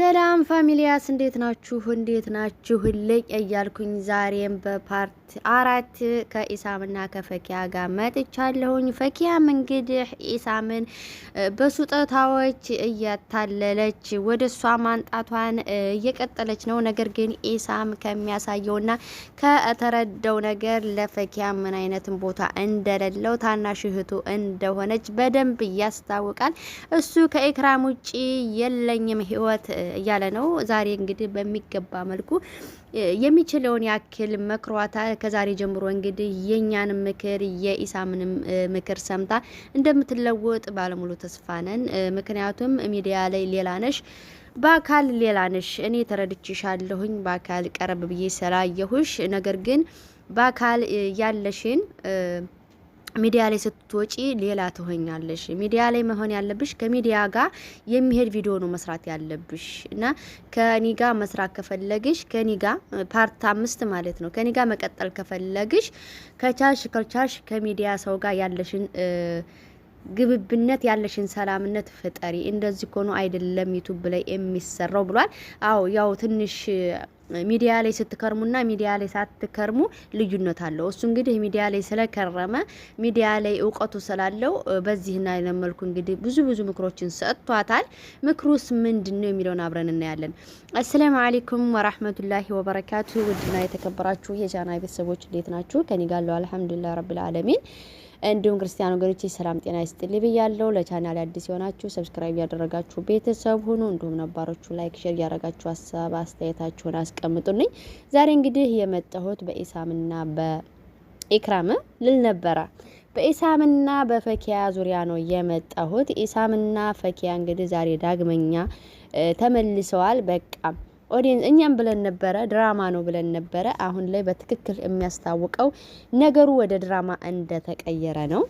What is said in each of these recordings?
ሰላም ፋሚሊያስ እንዴት ናችሁ? እንዴት ናችሁ? ልኝ እያልኩኝ ዛሬም በፓርት አራት ከኢሳምና ከፈኪያ ጋር መጥቻለሁኝ። ፈኪያም እንግዲህ ኢሳምን በሱጠታዎች እያታለለች ወደ እሷ ማንጣቷን እየቀጠለች ነው። ነገር ግን ኢሳም ከሚያሳየውና ከተረዳው ነገር ለፈኪያ ምን አይነትን ቦታ እንደሌለው ታናሽ እህቱ እንደሆነች በደንብ ያስታውቃል። እሱ ከኤክራም ውጪ የለኝም ህይወት እያለ ነው። ዛሬ እንግዲህ በሚገባ መልኩ የሚችለውን ያክል መክሯታ ከዛሬ ጀምሮ እንግዲህ የእኛን ምክር የኢሳምን ምክር ሰምታ እንደምትለወጥ ባለሙሉ ተስፋ ነን። ምክንያቱም ሚዲያ ላይ ሌላ ነሽ በአካል ሌላ ነሽ። እኔ ተረድችሻለሁኝ በአካል ቀረብ ብዬ ስላየሁሽ፣ ነገር ግን በአካል ያለሽን ሚዲያ ላይ ስትወጪ ሌላ ትሆኛለሽ። ሚዲያ ላይ መሆን ያለብሽ ከሚዲያ ጋር የሚሄድ ቪዲዮ ነው መስራት ያለብሽ እና ከኔ ጋር መስራት ከፈለግሽ ከኔ ጋር ፓርት አምስት ማለት ነው ከኔ ጋር መቀጠል ከፈለግሽ ከቻልሽ ከቻልሽ ከሚዲያ ሰው ጋር ያለሽን ግብብነት ያለሽን ሰላምነት ፍጠሪ። እንደዚህ ኮኖ አይደለም ዩቱብ ላይ የሚሰራው ብሏል። አዎ ያው ትንሽ ሚዲያ ላይ ስትከርሙና ሚዲያ ላይ ሳትከርሙ ልዩነት አለው። እሱ እንግዲህ ሚዲያ ላይ ስለከረመ ሚዲያ ላይ እውቀቱ ስላለው በዚህና አይነት መልኩ እንግዲህ ብዙ ብዙ ምክሮችን ሰጥቷታል። ምክሩስ ምንድን ነው የሚለውን አብረን እናያለን። አሰላሙ አለይኩም ወራህመቱላሂ ወበረካቱ። ውድና የተከበራችሁ የቻና ቤተሰቦች እንዴት ናችሁ? ከኔ ጋለው አልሐምዱሊላህ ረብል አለሚን እንዲሁም ክርስቲያን ወገኖች ሰላም ጤና ይስጥልኝ ብያለሁ። ለቻናል አዲስ የሆናችሁ ሰብስክራይብ ያደረጋችሁ ቤተሰብ ሁኑ። እንዲሁም ነባሮቹ ላይክ፣ ሼር ያደረጋችሁ ሀሳብ አስተያየታችሁን አስቀምጡልኝ። ዛሬ እንግዲህ የመጣሁት በኢሳምና በኢክራም ልል ነበረ በኢሳምና በፈኪያ ዙሪያ ነው የመጣሁት። ኢሳምና ፈኪያ እንግዲህ ዛሬ ዳግመኛ ተመልሰዋል። በቃ ኦዲየንስ እኛም ብለን ነበረ፣ ድራማ ነው ብለን ነበረ። አሁን ላይ በትክክል የሚያስታውቀው ነገሩ ወደ ድራማ እንደተቀየረ ነው።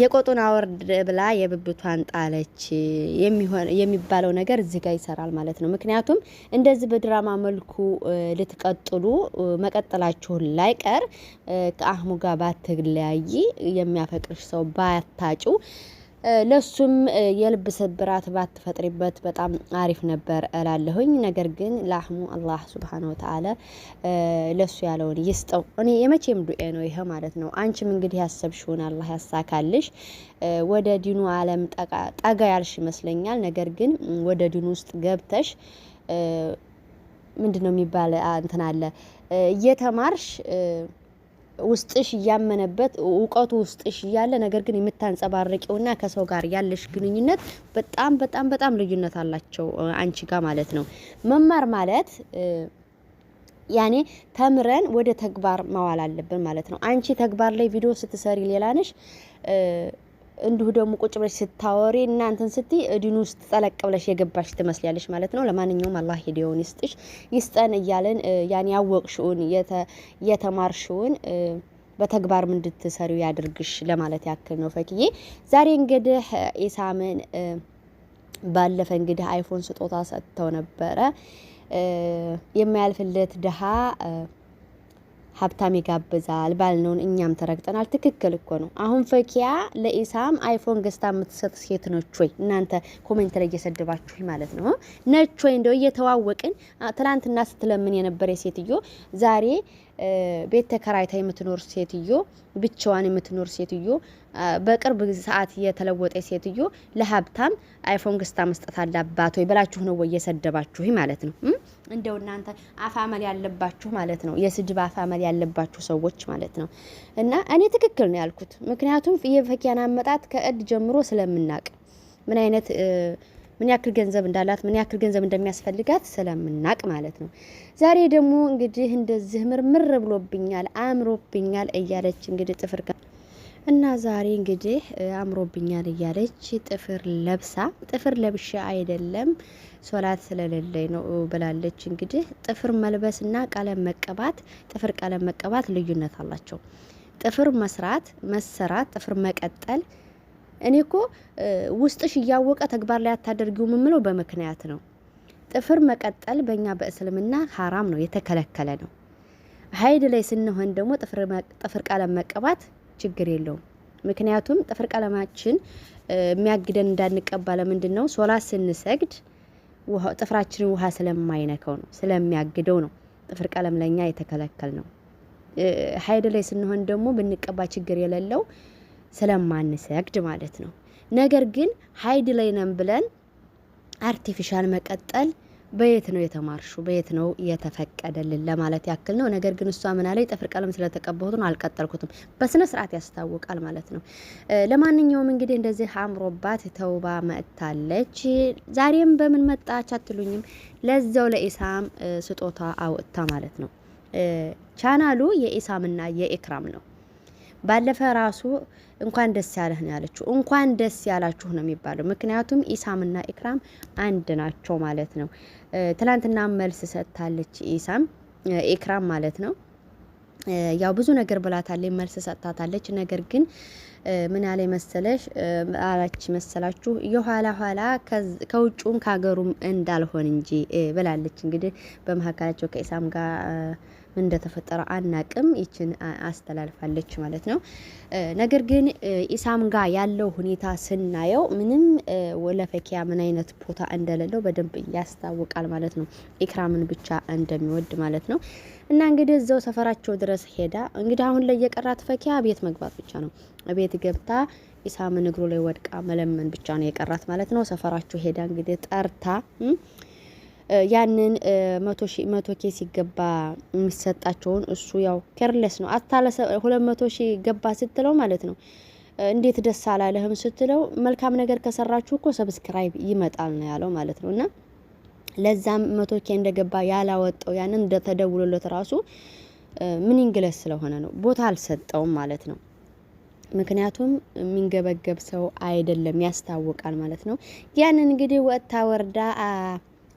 የቆጡን አወርድ ብላ የብብቷን ጣለች የሚባለው ነገር እዚህ ጋር ይሰራል ማለት ነው። ምክንያቱም እንደዚህ በድራማ መልኩ ልትቀጥሉ መቀጠላችሁን ላይቀር ከአህሙ ጋር ባትለያይ የሚያፈቅርሽ ሰው ባታጩ ለሱም የልብ ስብራት ባትፈጥሪበት በጣም አሪፍ ነበር እላለሁኝ። ነገር ግን ለአህሙ አላህ ሱብሓነ ወተዓላ ለሱ ያለውን ይስጠው። እኔ የመቼም ዱኤ ነው ይሄ ማለት ነው። አንቺም እንግዲህ ያሰብሽውን አላህ ያሳካልሽ። ወደ ዲኑ ዓለም ጠጋ ያልሽ ይመስለኛል። ነገር ግን ወደ ዲኑ ውስጥ ገብተሽ ምንድን ነው የሚባል እንትን አለ እየተማርሽ ውስጥሽ እያመነበት እውቀቱ ውስጥሽ እያለ ነገር ግን የምታንጸባርቂውና ከሰው ጋር ያለሽ ግንኙነት በጣም በጣም በጣም ልዩነት አላቸው አንቺ ጋር ማለት ነው። መማር ማለት ያኔ ተምረን ወደ ተግባር ማዋል አለብን ማለት ነው። አንቺ ተግባር ላይ ቪዲዮ ስትሰሪ ሌላ ነሽ። እንዲሁ ደግሞ ቁጭ ብለሽ ስታወሪ እናንተን ስትይ እድን ውስጥ ጠለቅ ብለሽ የገባሽ ትመስላለሽ ማለት ነው። ለማንኛውም አላህ ሂዳያውን ይስጥሽ ይስጠን እያለን ያን ያወቅሽውን የተማርሽውን በተግባር እንድትሰሪው ያድርግሽ ለማለት ያክል ነው። ፈክዬ ዛሬ እንግዲህ ኢሳምን ባለፈ እንግዲህ አይፎን ስጦታ ሰጥተው ነበረ። የማያልፍለት ድሃ ሀብታም ይጋብዛል ባልነውን እኛም ተረግጠናል። ትክክል እኮ ነው። አሁን ፈኪያ ለኢሳም አይፎን ገዝታ የምትሰጥ ሴት ነች ወይ? እናንተ ኮሜንት ላይ እየሰደባችሁ ማለት ነው ነች ወይ? እንደው እየተዋወቅን ትላንትና ስትለምን የነበረ ሴትዮ ዛሬ ቤት ተከራይታ የምትኖር ሴትዮ ብቻዋን የምትኖር ሴትዮ በቅርብ ሰዓት የተለወጠ ሴትዮ ለሀብታም አይፎን ገዝታ መስጠት አለባት ወይ ብላችሁ ነው ወይ የሰደባችሁ ማለት ነው። እንደው እናንተ አፋመል ያለባችሁ ማለት ነው፣ የስድብ አፋመል ያለባችሁ ሰዎች ማለት ነው። እና እኔ ትክክል ነው ያልኩት፣ ምክንያቱም የፈኪያን አመጣት ከእድ ጀምሮ ስለምናቅ ምን አይነት ምን ያክል ገንዘብ እንዳላት ምን ያክል ገንዘብ እንደሚያስፈልጋት ስለምናቅ ማለት ነው። ዛሬ ደግሞ እንግዲህ እንደዚህ ምርምር ብሎብኛል አምሮብኛል እያለች እንግዲህ ጥፍር እና ዛሬ እንግዲህ አምሮብኛል እያለች ጥፍር ለብሳ ጥፍር ለብሻ አይደለም ሶላት ስለሌለኝ ነው ብላለች። እንግዲህ ጥፍር መልበስና ቀለም መቀባት ጥፍር ቀለም መቀባት ልዩነት አላቸው። ጥፍር መስራት መሰራት ጥፍር መቀጠል እኔ እኮ ውስጥሽ እያወቀ ተግባር ላይ አታደርጊው የምምለው በምክንያት ነው። ጥፍር መቀጠል በእኛ በእስልምና ሀራም ነው፣ የተከለከለ ነው። ሀይድ ላይ ስንሆን ደግሞ ጥፍር ቀለም መቀባት ችግር የለውም። ምክንያቱም ጥፍር ቀለማችን የሚያግደን እንዳንቀባ ለምንድን ነው? ሶላት ስንሰግድ ጥፍራችንን ውሃ ስለማይነከው ነው፣ ስለሚያግደው ነው። ጥፍር ቀለም ለእኛ የተከለከል ነው። ሀይድ ላይ ስንሆን ደግሞ ብንቀባ ችግር የሌለው ስለማንሰግድ ማለት ነው። ነገር ግን ሀይድ ላይ ነን ብለን አርቲፊሻል መቀጠል በየት ነው የተማርሹ? በየት ነው የተፈቀደልን? ለማለት ያክል ነው። ነገር ግን እሷ ምና ላይ ጥፍር ቀለም ነው አልቀጠልኩትም። በስነ ስርዓት ያስታውቃል ማለት ነው። ለማንኛውም እንግዲህ እንደዚህ አምሮባት ተውባ መጥታለች። ዛሬም በምን መጣች አትሉኝም? ለዛው ለኢሳም ስጦታ አውጥታ ማለት ነው። ቻናሉ የኢሳምና የኤክራም ነው። ባለፈ ራሱ እንኳን ደስ ያለህ ነው ያለችው። እንኳን ደስ ያላችሁ ነው የሚባለው፣ ምክንያቱም ኢሳምና ኢክራም አንድ ናቸው ማለት ነው። ትላንትና መልስ ሰጥታለች ኢሳም ኢክራም ማለት ነው። ያው ብዙ ነገር ብላታለች፣ መልስ ሰጥታታለች። ነገር ግን ምን ያለ መሰለሽ አላች መሰላችሁ የኋላ ኋላ ከውጭም ከሀገሩም እንዳልሆን እንጂ ብላለች። እንግዲህ በመካከላቸው ከኢሳም ጋር ምን እንደተፈጠረ አናቅም። ይችን አስተላልፋለች ማለት ነው። ነገር ግን ኢሳም ጋር ያለው ሁኔታ ስናየው ምንም ወለፈኪያ ምን አይነት ቦታ እንደሌለው በደንብ ያስታውቃል ማለት ነው። ኢክራምን ብቻ እንደሚወድ ማለት ነው። እና እንግዲህ እዛው ሰፈራቸው ድረስ ሄዳ እንግዲህ አሁን ላይ የቀራት ፈኪያ ቤት መግባት ብቻ ነው። ቤት ገብታ ኢሳምን እግሩ ላይ ወድቃ መለመን ብቻ ነው የቀራት ማለት ነው። ሰፈራቸው ሄዳ እንግዲህ ጠርታ ያንን መቶ ኬ ሲገባ የሚሰጣቸውን እሱ ያው ኬርለስ ነው አታለ ሁለት መቶ ገባ ስትለው ማለት ነው እንዴት ደስ አላለህም ስትለው መልካም ነገር ከሰራችሁ እኮ ሰብስክራይብ ይመጣል ነው ያለው ማለት ነው እና ለዛም መቶ ኬ እንደገባ ያላወጣው ያንን ተደውሎለት ራሱ ምን ይንግለስ ስለሆነ ነው ቦታ አልሰጠውም ማለት ነው። ምክንያቱም የሚንገበገብ ሰው አይደለም ያስታውቃል ማለት ነው። ያንን እንግዲህ ወጥታ ወርዳ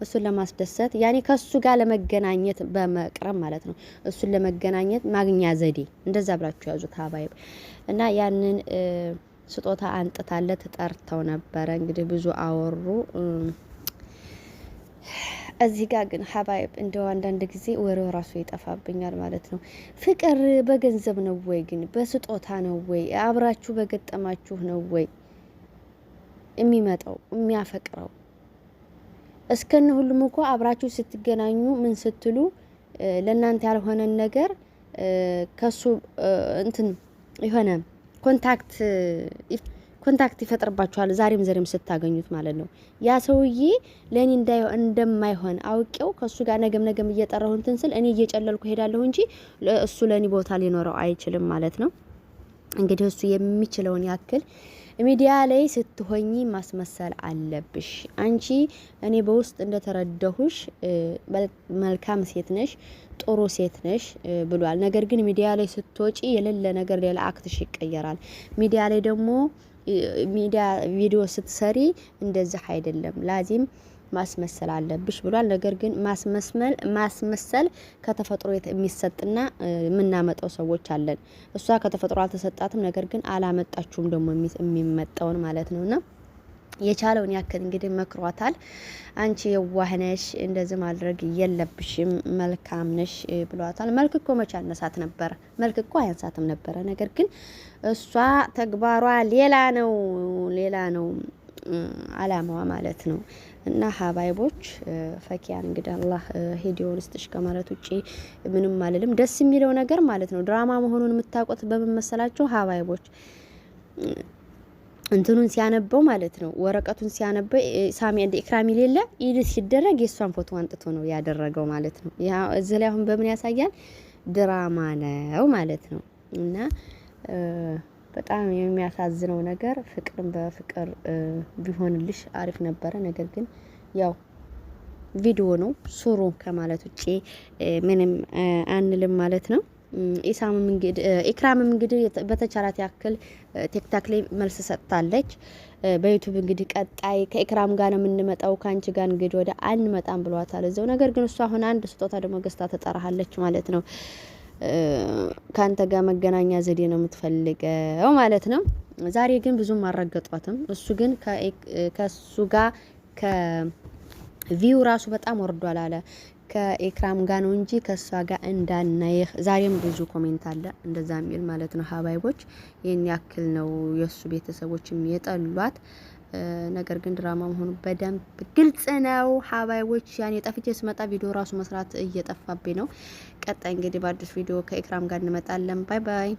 እሱን ለማስደሰት ያኔ ከሱ ጋር ለመገናኘት በመቅረብ ማለት ነው። እሱን ለመገናኘት ማግኛ ዘዴ እንደዛ ብላችሁ ያዙት ሀባይብ እና ያንን ስጦታ አንጥታለት ጠርተው ነበረ እንግዲህ ብዙ አወሩ። እዚህ ጋር ግን ሀባይብ እንደው አንዳንድ ጊዜ ወሬው ራሱ ይጠፋብኛል ማለት ነው። ፍቅር በገንዘብ ነው ወይ ግን በስጦታ ነው ወይ አብራችሁ በገጠማችሁ ነው ወይ የሚመጣው የሚያፈቅረው? እስከነ ሁሉም እኮ አብራችሁ ስትገናኙ ምን ስትሉ ለእናንተ ያልሆነን ነገር ከሱ እንትን የሆነ ኮንታክት ኮንታክት ይፈጥርባችኋል። ዛሬም ዘሬም ስታገኙት ማለት ነው። ያ ሰውዬ ለእኔ እንደማይሆን አውቄው ከእሱ ጋር ነገም ነገም እየጠራሁ እንትን ስል እኔ እየጨለልኩ ሄዳለሁ እንጂ እሱ ለእኔ ቦታ ሊኖረው አይችልም ማለት ነው። እንግዲህ እሱ የሚችለውን ያክል ሚዲያ ላይ ስትሆኝ ማስመሰል አለብሽ። አንቺ እኔ በውስጥ እንደተረዳሁሽ መልካም ሴት ነሽ፣ ጥሩ ሴት ነሽ ብሏል። ነገር ግን ሚዲያ ላይ ስትወጪ የሌለ ነገር ሌላ አክትሽ ይቀየራል። ሚዲያ ላይ ደግሞ ሚዲያ ቪዲዮ ስትሰሪ እንደዚህ አይደለም ላዚም ማስመሰል አለብሽ ብሏል። ነገር ግን ማስመስመል ማስመሰል ከተፈጥሮ የሚሰጥና የምናመጣው ሰዎች አለን። እሷ ከተፈጥሮ አልተሰጣትም፣ ነገር ግን አላመጣችሁም ደግሞ የሚመጣውን ማለት ነውና የቻለውን ያክል እንግዲህ መክሯታል። አንቺ የዋህነሽ እንደዚህ ማድረግ የለብሽም መልካም ነሽ ብሏታል። መልክ እኮ መቼ አነሳት ነበረ? መልክ እኮ አያንሳትም ነበረ። ነገር ግን እሷ ተግባሯ ሌላ ነው፣ ሌላ ነው አላማዋ ማለት ነው። እና ሀባይቦች ፈኪያን እንግዲህ አላህ ሄዲዮን ስጥሽ ከማለት ውጪ ምንም አልልም። ደስ የሚለው ነገር ማለት ነው ድራማ መሆኑን የምታውቁት በምን መሰላችሁ ሀባይቦች እንትኑን ሲያነበው ማለት ነው ወረቀቱን ሲያነበው ሳሚ እንደ ኢክራም ሌለ ኢድ ሲደረግ የእሷን ፎቶ አንጥቶ ነው ያደረገው ማለት ነው። ያ እዚህ ላይ አሁን በምን ያሳያል? ድራማ ነው ማለት ነው። እና በጣም የሚያሳዝነው ነገር ፍቅርን በፍቅር ቢሆንልሽ አሪፍ ነበረ። ነገር ግን ያው ቪዲዮ ነው ሱሩ ከማለት ውጪ ምንም አንልም ማለት ነው። ኢሳምም እንግዲህ ኢክራምም እንግዲህ በተቻላት ያክል ቲክታክ ላይ መልስ ሰጥታለች። በዩቱብ እንግዲህ ቀጣይ ከኢክራም ጋር ነው የምንመጣው ከአንቺ ጋር እንግዲህ ወደ አንመጣም ብሏታል እዚው። ነገር ግን እሷ አሁን አንድ ስጦታ ደግሞ ገዝታ ተጠራሃለች ማለት ነው። ከአንተ ጋር መገናኛ ዘዴ ነው የምትፈልገው ማለት ነው። ዛሬ ግን ብዙም አረገጧትም። እሱ ግን ከሱ ጋር ከቪው ራሱ በጣም ወርዷል አለ ከኤክራም ጋር ነው እንጂ ከእሷ ጋር እንዳናየህ። ዛሬም ብዙ ኮሜንት አለ እንደዛ የሚል ማለት ነው። ሀባይቦች ይህን ያክል ነው የእሱ ቤተሰቦችም የጠሏት። ነገር ግን ድራማ መሆኑ በደንብ ግልጽ ነው። ሀባይቦች ያን የጠፍቼ ስመጣ ቪዲዮ ራሱ መስራት እየጠፋብኝ ነው። ቀጣይ እንግዲህ በአዲስ ቪዲዮ ከኤክራም ጋር እንመጣለን። ባይ ባይ።